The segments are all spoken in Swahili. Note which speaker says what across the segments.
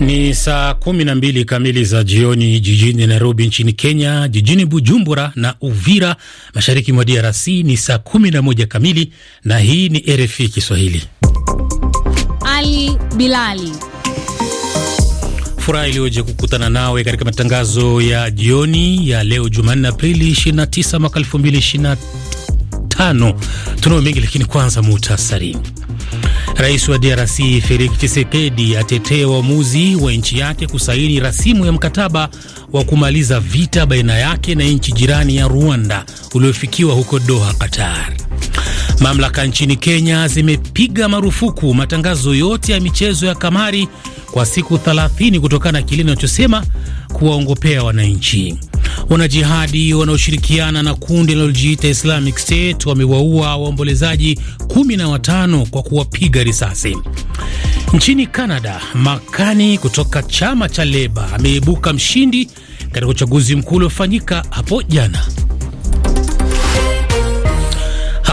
Speaker 1: Ni saa kumi na mbili kamili za jioni jijini Nairobi nchini Kenya. Jijini Bujumbura na Uvira mashariki mwa DRC ni saa kumi na moja kamili, na hii ni RFI Kiswahili.
Speaker 2: Ali Bilali,
Speaker 1: furaha iliyoje kukutana nawe katika matangazo ya jioni ya leo Jumanne, Aprili 29 mwaka 2025. Tunayo mengi, lakini kwanza muhtasari Rais wa DRC Felix Tshisekedi atetea uamuzi wa nchi yake kusaini rasimu ya mkataba wa kumaliza vita baina yake na nchi jirani ya Rwanda uliofikiwa huko Doha, Qatar. Mamlaka nchini Kenya zimepiga marufuku matangazo yote ya michezo ya kamari kwa siku 30 kutokana na kile inachosema kuwaongopea wananchi. Wanajihadi wanaoshirikiana na kundi linalojiita Islamic State wamewaua waombolezaji 15 kwa kuwapiga risasi. Nchini Canada, Makani kutoka chama cha Leba ameibuka mshindi katika uchaguzi mkuu uliofanyika hapo jana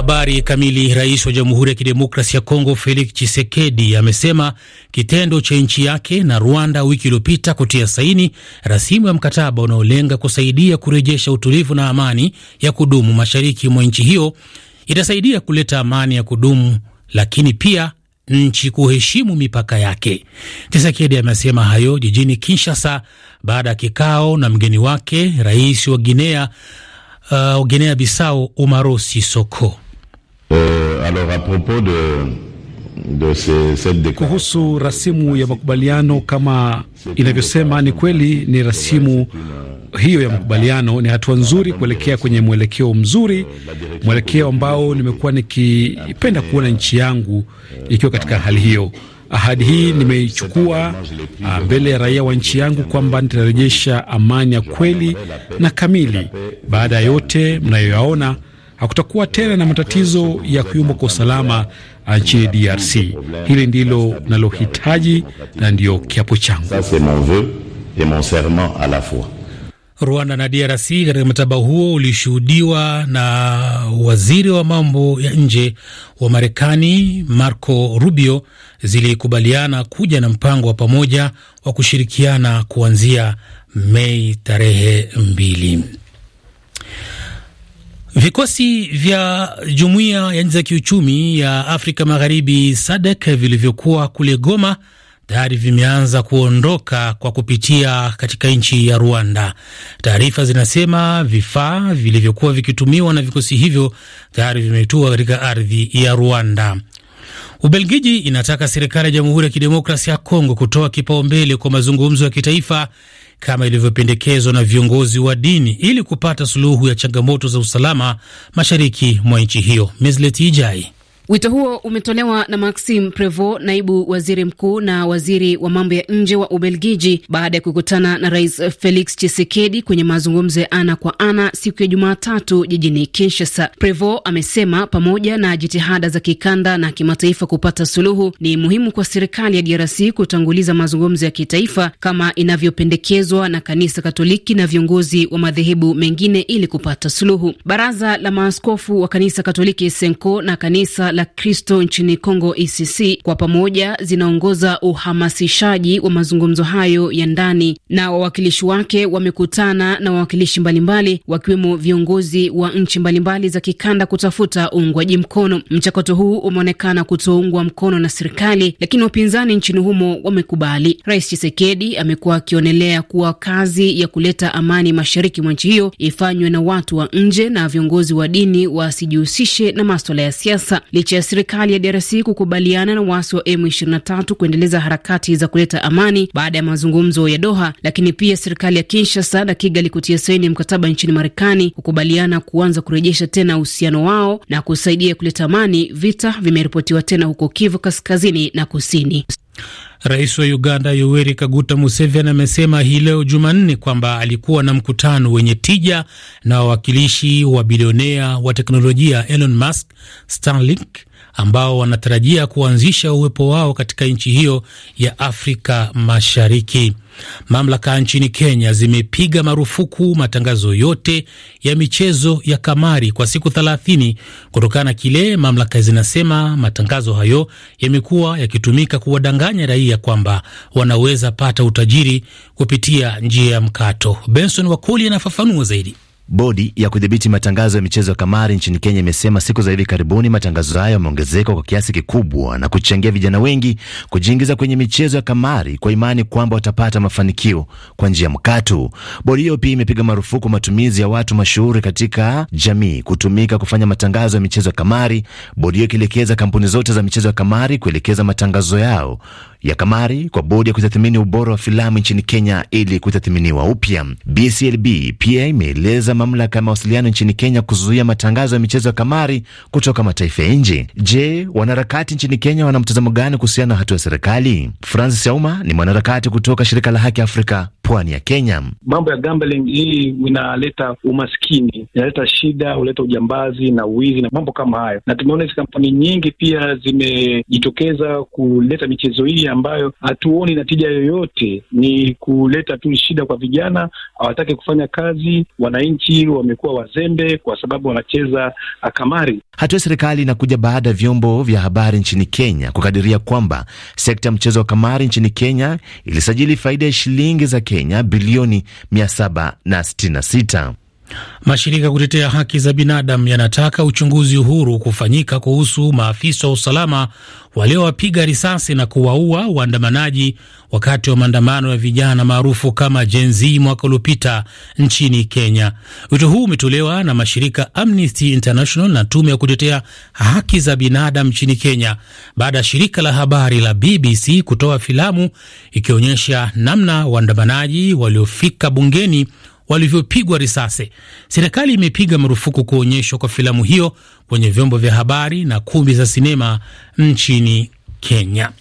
Speaker 1: habari kamili. Rais wa Jamhuri ya Kidemokrasi ya Kongo Felix chisekedi amesema kitendo cha nchi yake na Rwanda wiki iliyopita kutia saini rasimu ya mkataba unaolenga kusaidia kurejesha utulivu na amani ya kudumu mashariki mwa nchi hiyo itasaidia kuleta amani ya kudumu, lakini pia nchi kuheshimu mipaka yake. chisekedi amesema hayo jijini Kinshasa baada ya kikao na mgeni wake rais wa Guinea Uh, Guinea Bissau
Speaker 3: Umaro Sisoko.
Speaker 4: Euh, alors à propos de, de ces, cette
Speaker 3: kuhusu rasimu ya makubaliano kama inavyosema, ni kweli ni rasimu hiyo ya makubaliano ni hatua nzuri kuelekea kwenye mwelekeo mzuri, mwelekeo ambao nimekuwa nikipenda kuona nchi yangu ikiwa katika hali hiyo. Ahadi hii nimeichukua ah, mbele ya raia wa nchi yangu kwamba nitarejesha amani ya kweli na kamili baada ya yote mnayoyaona hakutakuwa tena na matatizo ya kuyumba kwa usalama nchini DRC. Hili ndilo nalohitaji na ndiyo kiapo changu.
Speaker 1: Rwanda na DRC katika mtaba huo ulishuhudiwa na waziri wa mambo ya nje wa Marekani Marco Rubio zilikubaliana kuja na mpango wa pamoja wa kushirikiana kuanzia Mei tarehe mbili. Vikosi vya jumuiya ya nchi za kiuchumi ya Afrika Magharibi SADC vilivyokuwa kule Goma tayari vimeanza kuondoka kwa kupitia katika nchi ya Rwanda. Taarifa zinasema vifaa vilivyokuwa vikitumiwa na vikosi hivyo tayari vimetua katika ardhi ya Rwanda. Ubelgiji inataka serikali ya Jamhuri ya Kidemokrasia ya Kongo kutoa kipaumbele kwa mazungumzo ya kitaifa kama ilivyopendekezwa na viongozi wa dini ili kupata suluhu ya changamoto za usalama mashariki mwa nchi hiyo. Meslet Ijai
Speaker 2: Wito huo umetolewa na maxim Prevo, naibu waziri mkuu na waziri wa mambo ya nje wa Ubelgiji, baada ya kukutana na Rais Felix chisekedi kwenye mazungumzo ya ana kwa ana siku ya Jumatatu jijini Kinshasa. Prevo amesema pamoja na jitihada za kikanda na kimataifa kupata suluhu, ni muhimu kwa serikali ya DRC kutanguliza mazungumzo ya kitaifa kama inavyopendekezwa na Kanisa Katoliki na viongozi wa madhehebu mengine ili kupata suluhu. Baraza la maaskofu wa Kanisa Katoliki Senko na kanisa la Kristo nchini Kongo ECC kwa pamoja zinaongoza uhamasishaji wa mazungumzo hayo ya ndani, na wawakilishi wake wamekutana na wawakilishi mbalimbali wakiwemo viongozi wa nchi mbalimbali za kikanda kutafuta uungwaji mkono. Mchakato huu umeonekana kutoungwa mkono na serikali, lakini wapinzani nchini humo wamekubali. Rais Chisekedi amekuwa akionelea kuwa kazi ya kuleta amani mashariki mwa nchi hiyo ifanywe na watu wa nje na viongozi wa dini wasijihusishe na maswala ya siasa. Licha ya serikali ya DRC kukubaliana na waasi wa M23 kuendeleza harakati za kuleta amani baada ya mazungumzo ya Doha, lakini pia serikali ya Kinshasa na Kigali kutia saini mkataba nchini Marekani kukubaliana kuanza kurejesha tena uhusiano wao na kusaidia kuleta amani, vita vimeripotiwa tena huko Kivu Kaskazini na Kusini.
Speaker 1: Rais wa Uganda Yoweri Kaguta Museveni amesema hii leo Jumanne kwamba alikuwa na mkutano wenye tija na wawakilishi wa bilionea wa teknolojia Elon Musk, Starlink ambao wanatarajia kuanzisha uwepo wao katika nchi hiyo ya Afrika Mashariki. Mamlaka nchini Kenya zimepiga marufuku matangazo yote ya michezo ya kamari kwa siku thelathini kutokana na kile mamlaka zinasema matangazo hayo yamekuwa yakitumika kuwadanganya raia kwamba wanaweza pata utajiri kupitia njia ya mkato. Benson Wakoli anafafanua zaidi.
Speaker 4: Bodi ya kudhibiti matangazo ya michezo ya kamari nchini Kenya imesema siku za hivi karibuni matangazo hayo yameongezeka kwa kiasi kikubwa na kuchangia vijana wengi kujiingiza kwenye michezo ya kamari kwa imani kwamba watapata mafanikio kwa njia mkato. Bodi hiyo pia imepiga marufuku matumizi ya watu mashuhuri katika jamii kutumika kufanya matangazo ya michezo ya kamari, bodi hiyo ikielekeza kampuni zote za michezo ya kamari kuelekeza matangazo yao ya kamari kwa bodi ya kutathimini ubora wa filamu nchini Kenya ili kutathiminiwa upya. BCLB pia imeeleza mamlaka ya mawasiliano nchini Kenya kuzuia matangazo ya michezo ya kamari kutoka mataifa ya nje. Je, wanaharakati nchini Kenya wana mtazamo gani kuhusiana na hatua ya serikali? Francis Yauma ni mwanaharakati kutoka shirika la Haki Afrika pwani ya Kenya.
Speaker 3: Mambo ya gambling hii inaleta umaskini, inaleta shida, huleta ujambazi na uwizi na mambo kama hayo, na tumeona hizi kampuni nyingi pia zimejitokeza kuleta michezo hii ambayo hatuoni natija yoyote, ni kuleta tu shida kwa vijana, hawataki kufanya kazi. Wananchi wamekuwa wazembe kwa sababu wanacheza
Speaker 4: kamari. Hatua ya serikali inakuja baada ya vyombo vya habari nchini Kenya kukadiria kwamba sekta ya mchezo wa kamari nchini Kenya ilisajili faida ya shilingi za Kenya bilioni 766.
Speaker 1: Mashirika ya kutetea haki za binadamu yanataka uchunguzi huru kufanyika kuhusu maafisa wa usalama waliowapiga risasi na kuwaua waandamanaji wakati wa maandamano ya vijana maarufu kama Gen Z mwaka uliopita nchini Kenya. Wito huu umetolewa na mashirika Amnesty International na tume ya kutetea haki za binadamu nchini Kenya baada ya shirika la habari la BBC kutoa filamu ikionyesha namna waandamanaji waliofika bungeni walivyopigwa risasi. Serikali imepiga marufuku kuonyeshwa kwa filamu hiyo kwenye vyombo vya habari na kumbi za sinema nchini Kenya.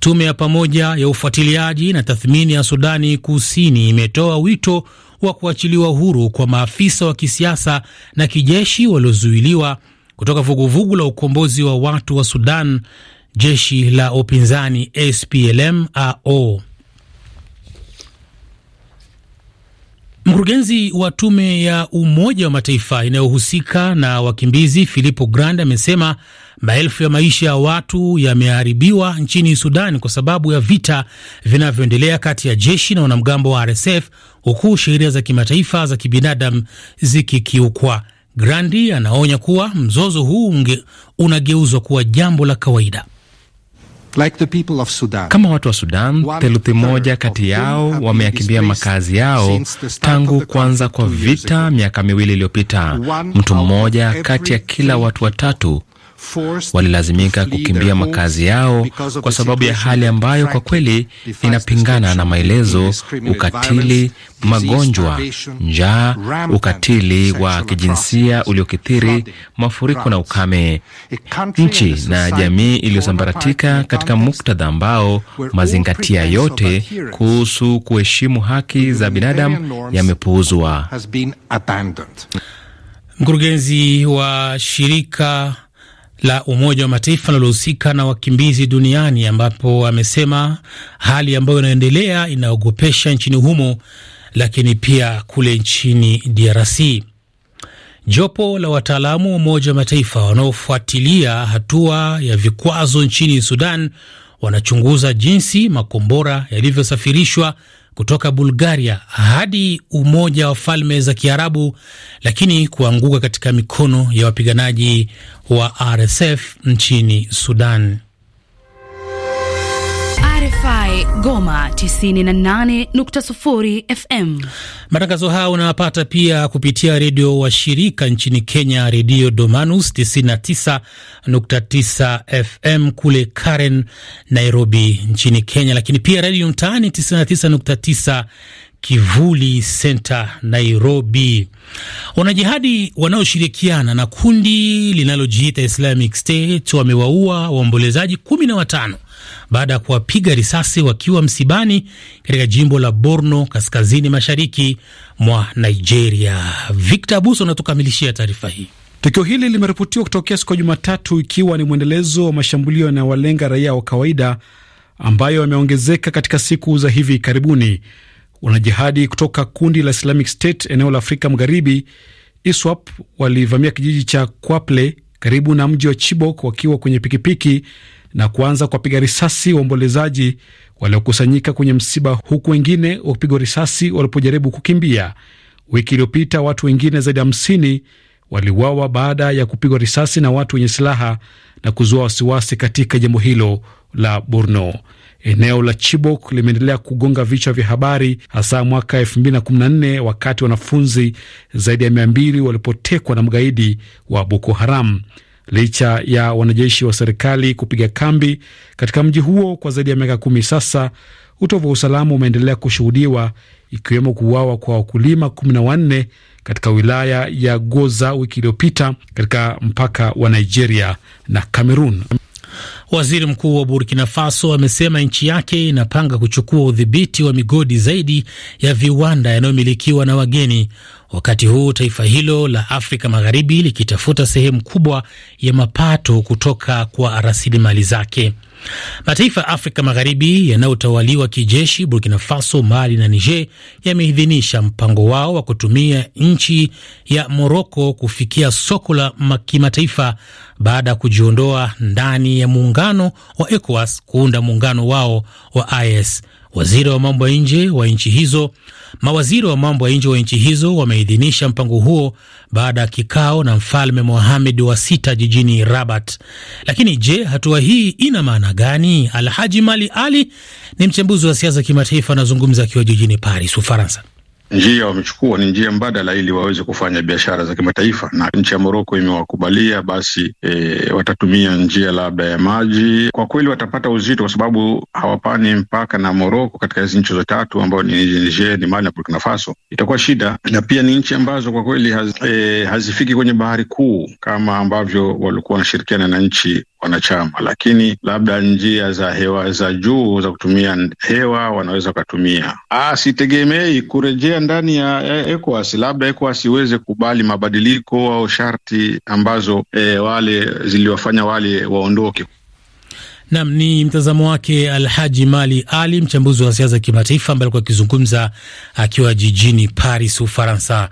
Speaker 1: Tume ya pamoja ya ufuatiliaji na tathmini ya Sudani Kusini imetoa wito wa kuachiliwa huru kwa maafisa wa kisiasa na kijeshi waliozuiliwa kutoka vuguvugu la ukombozi wa watu wa Sudan, jeshi la upinzani SPLM-AO. Mkurugenzi wa tume ya Umoja wa Mataifa inayohusika na wakimbizi Filippo Grandi amesema maelfu ya maisha ya watu yameharibiwa nchini Sudan kwa sababu ya vita vinavyoendelea kati ya jeshi na wanamgambo wa RSF huku sheria za kimataifa za kibinadamu zikikiukwa. Grandi anaonya kuwa mzozo huu unageuzwa kuwa jambo la kawaida.
Speaker 3: Like the people of Sudan. Kama watu wa Sudan, theluthi moja kati yao wameyakimbia makazi yao tangu kuanza kwa vita miaka miwili iliyopita. Mtu mmoja kati ya kila watu watatu walilazimika kukimbia makazi yao kwa sababu ya hali ambayo kwa kweli inapingana na maelezo: ukatili, magonjwa, njaa, ukatili wa kijinsia uliokithiri, mafuriko na ukame. Nchi na jamii iliyosambaratika katika muktadha ambao mazingatia yote kuhusu kuheshimu haki
Speaker 4: za binadamu yamepuuzwa.
Speaker 3: Mkurugenzi
Speaker 1: wa shirika la Umoja wa Mataifa linalohusika na wakimbizi duniani, ambapo amesema hali ambayo inaendelea inaogopesha nchini humo, lakini pia kule nchini DRC. Jopo la wataalamu wa Umoja wa Mataifa wanaofuatilia hatua ya vikwazo nchini Sudan wanachunguza jinsi makombora yalivyosafirishwa kutoka Bulgaria hadi Umoja wa Falme za Kiarabu, lakini kuanguka katika mikono ya wapiganaji wa RSF nchini Sudan.
Speaker 2: RFI Goma 98.0 FM.
Speaker 1: Matangazo haya unayapata pia kupitia redio wa shirika nchini Kenya, Redio Domanus 99.9 FM kule Karen, Nairobi nchini Kenya, lakini pia Redio Mtaani 99.9 Kivuli Center Nairobi. Wanajihadi wanaoshirikiana na kundi linalojiita Islamic State wamewaua waombolezaji kumi na watano baada ya kuwapiga risasi wakiwa msibani katika jimbo la Borno kaskazini mashariki mwa Nigeria. Victor Abuso anatukamilishia taarifa hii.
Speaker 3: Tukio hili limeripotiwa kutokea siku ya Jumatatu, ikiwa ni mwendelezo wa mashambulio yanayowalenga raia wa kawaida ambayo yameongezeka katika siku za hivi karibuni. Wanajihadi kutoka kundi la Islamic State eneo la Afrika Magharibi, ISWAP, walivamia kijiji cha Kwaple karibu na mji wa Chibok wakiwa kwenye pikipiki na kuanza kuwapiga risasi waombolezaji waliokusanyika kwenye msiba, huku wengine wakipigwa risasi walipojaribu kukimbia. Wiki iliyopita watu wengine zaidi ya hamsini waliuawa baada ya kupigwa risasi na watu wenye silaha na kuzua wasiwasi katika jimbo hilo la Borno. Eneo la Chibok limeendelea kugonga vichwa vya habari hasa mwaka 2014 wakati wanafunzi zaidi ya 200 walipotekwa na mgaidi wa Boko Haram licha ya wanajeshi wa serikali kupiga kambi katika mji huo kwa zaidi ya miaka kumi sasa. Utovu wa usalama umeendelea kushuhudiwa ikiwemo kuuawa kwa wakulima kumi na wanne katika wilaya ya Goza wiki iliyopita katika mpaka wa Nigeria na Kamerun. Waziri Mkuu wa
Speaker 1: Burkina Faso amesema nchi yake inapanga kuchukua udhibiti wa migodi zaidi ya viwanda yanayomilikiwa na wageni wakati huu taifa hilo la Afrika Magharibi likitafuta sehemu kubwa ya mapato kutoka kwa rasilimali zake. Mataifa ya Afrika Magharibi yanayotawaliwa kijeshi, Burkina Faso, Mali na Niger, yameidhinisha mpango wao wa kutumia nchi ya Moroko kufikia soko la kimataifa baada ya kujiondoa ndani ya muungano wa ECOWAS kuunda muungano wao wa IS. Waziri wa mambo ya nje wa nchi hizo, mawaziri wa mambo ya nje wa nchi hizo wameidhinisha mpango huo baada ya kikao na mfalme Mohamed wa sita jijini Rabat. Lakini je, hatua hii ina maana gani? Alhaji Mali Ali ni mchambuzi wa siasa kimataifa, anazungumza akiwa jijini Paris, Ufaransa
Speaker 5: njia wamechukua ni njia mbadala ili waweze kufanya biashara za kimataifa, na nchi ya Moroko imewakubalia basi, e, watatumia njia labda ya maji. Kwa kweli watapata uzito, kwa sababu hawapani mpaka na Moroko katika hizi nchi hizo tatu ambayo ni Niger, ni Mali na Burkina Faso, itakuwa shida, na pia ni nchi ambazo kwa kweli haz, e, hazifiki kwenye bahari kuu kama ambavyo walikuwa wanashirikiana na nchi wanachama, lakini labda njia za hewa za juu za kutumia hewa wanaweza wakatumia. Ah, sitegemei kurejea ndani ya ECOWAS, labda ECOWAS iweze kubali mabadiliko au sharti ambazo e, wale ziliwafanya wale waondoke.
Speaker 1: Nam ni mtazamo wake Alhaji Mali Ali, mchambuzi wa siasa za kimataifa, ambaye alikuwa akizungumza akiwa jijini Paris, Ufaransa.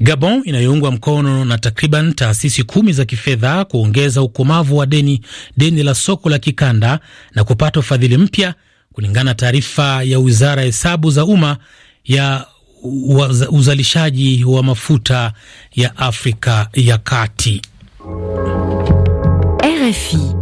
Speaker 1: Gabon inayoungwa mkono na takriban taasisi kumi za kifedha kuongeza ukomavu wa deni deni la soko la kikanda na kupata ufadhili mpya, kulingana na taarifa ya wizara ya hesabu za umma ya uzalishaji wa mafuta ya Afrika ya Kati.
Speaker 4: RFI.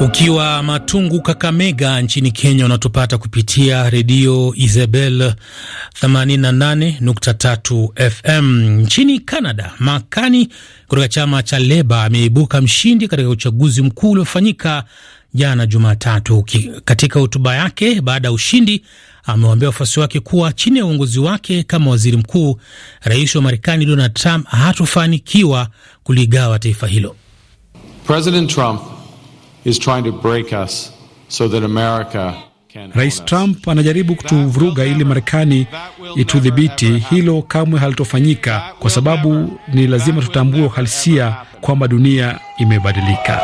Speaker 4: ukiwa Matungu,
Speaker 1: Kakamega nchini Kenya, unatupata kupitia redio Isabel 88.3 FM. Nchini Canada, Makani kutoka chama cha Leba ameibuka mshindi katika uchaguzi mkuu uliofanyika jana Jumatatu. Katika hotuba yake baada ya ushindi, amewaambia wafuasi wake kuwa chini ya uongozi wake kama waziri mkuu, rais wa Marekani Donald Trump hatofanikiwa
Speaker 5: kuligawa taifa hilo. President Trump is trying to break us so that America
Speaker 3: Rais Trump anajaribu kutuvuruga ili Marekani itudhibiti. Hilo kamwe halitofanyika kwa sababu ni lazima tutambue uhalisia kwamba dunia imebadilika.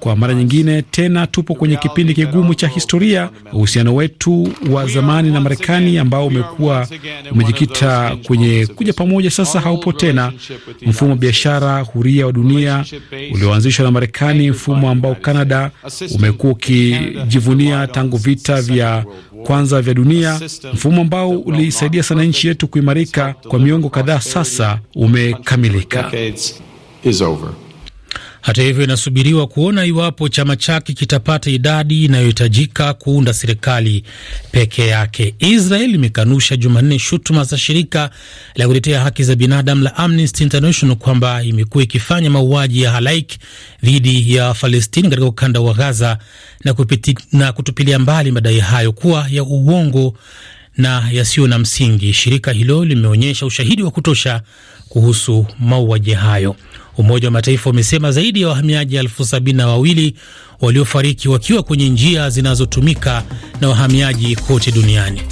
Speaker 3: Kwa mara nyingine tena tupo kwenye kipindi kigumu cha historia. Uhusiano wetu wa zamani na Marekani ambao umekuwa umejikita kwenye kuja pamoja, sasa haupo tena. Mfumo wa biashara huria wa dunia ulioanzishwa na Marekani, mfumo ambao Kanada umekuwa ukijivunia tangu vita vya kwanza vya dunia, mfumo ambao ulisaidia sana nchi yetu kuimarika kwa miongo kadhaa, sasa umekamilika.
Speaker 1: Hata hivyo, inasubiriwa kuona iwapo chama chake kitapata idadi inayohitajika kuunda serikali peke yake. Israel imekanusha Jumanne shutuma za shirika la kutetea haki za binadamu la Amnesty International kwamba imekuwa ikifanya mauaji ya halaiki dhidi ya Falestini katika ukanda wa Gaza na, kupiti, na kutupilia mbali madai hayo kuwa ya uongo na yasiyo na msingi. Shirika hilo limeonyesha ushahidi wa kutosha kuhusu mauaji hayo. Umoja wa Mataifa umesema zaidi ya wahamiaji elfu sabini na wawili waliofariki wakiwa kwenye njia
Speaker 5: zinazotumika na wahamiaji kote duniani.